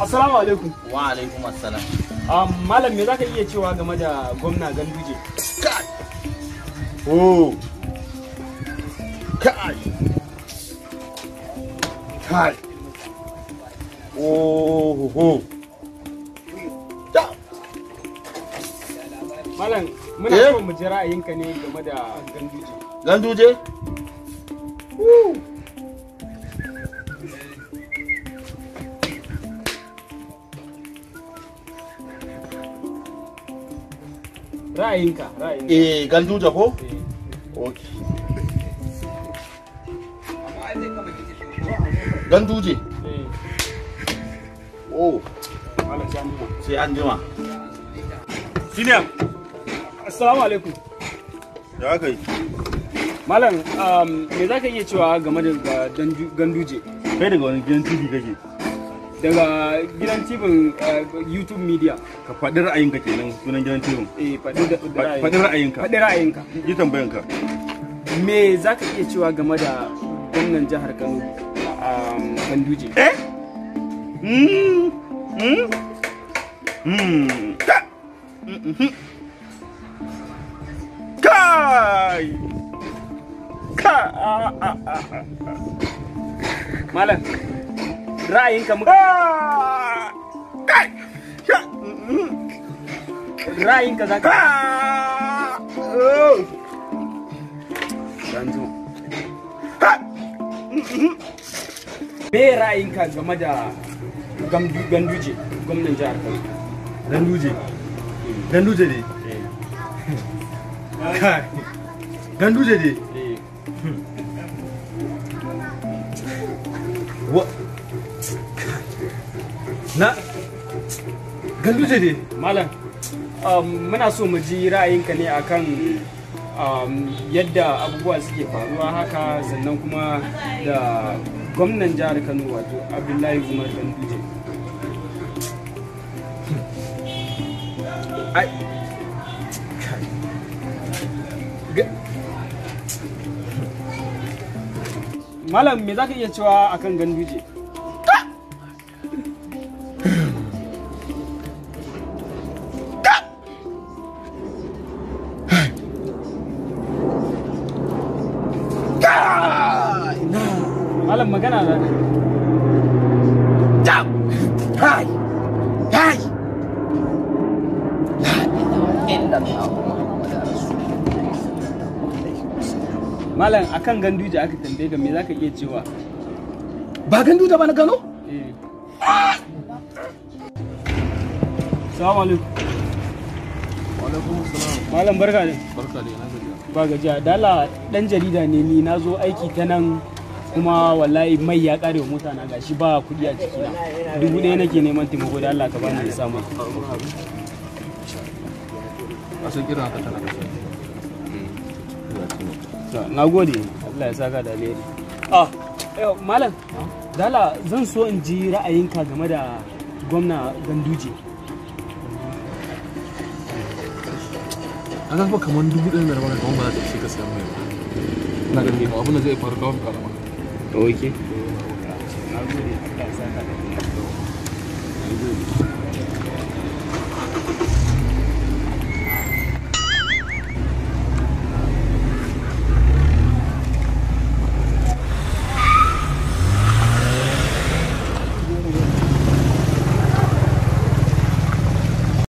Assalamu alaikum. Wa alaikum assalam. Um, Malam me zaka iya cewa game da gwamna Ganduje? Kai. Oh. Kai. Kai. Oh ho. Malam muna so eh? mu ji ra'ayinka ne game da Ganduje. Ganduje? Woo. ra'ayinka ra'ayinka eh ko eh. ganduje eh. oh sai assalamu alaikum ya kai malam um, me za ka iya cewa game da ganduje kai daga wani gidan tv kake daga gidan tibin eh, youtube media ka faɗi ra'ayinka kenan sunan gidan tibin eh faɗi ra'ayinka faɗi ra'ayinka yi tambayanka me za ka iya cewa game da gwamnan jihar kano kanduje um, eh hmm? Hmm? Hmm. Mm-hmm. kai ka ah, ah, ah, malam ra'ayinka muka ah! ra'ayinka za ka ranzo ah! oh! ah! me ra'ayinka game da ganduje gwamnan jihar kano ganduje ganduje ne eh. ganduje ne eh. what na malam um, muna so mu ji ra'ayinka ne akan um, yadda abubuwa suke faruwa haka sannan kuma da gwamnan jihar kano wato abdullahi umar malam me za ka iya cewa akan ganduje malam magana na ta hai hai malam akan ganduje aka tambaye ga me zaka iya cewa ba ganduje ba na gano eh salamu alaikum alaikum salam malam barka ne barka ne na gajiya ba gajiya dala dan jarida ne ni na zo aiki ta nan kuma wallahi mai ya kare wa mota na gashi ba kuɗi a ciki na dubu ɗaya nake neman taimako da Allah ka bani ya samu kira ka tana na gode Allah ya saka da leri ah eh, malam dala zan so in ji ra'ayinka game da gwamna ganduje a zafi kamar dubu ɗaya da rabar da gwamna da shi ka sayan mai na ganin abin da zai faru kawai kalama ok